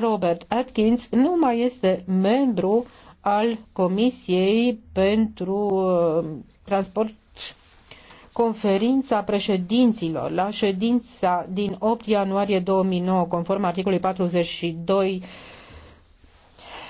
Robert Atkins nu mai este membru al Comisiei pentru uh, Transport conferința președinților la ședința din 8 ianuarie 2009, conform articolului 42